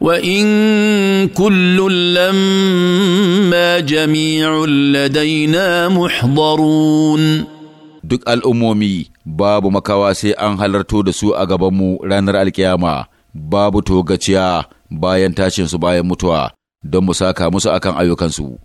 وان كل لما جميع لدينا محضرون duk al'ummomi babu makawa sai an halarto da su a gabanmu ranar alkiyama babu togaciya bayan tashinsu bayan mutuwa don mu saka musu akan ayyukansu.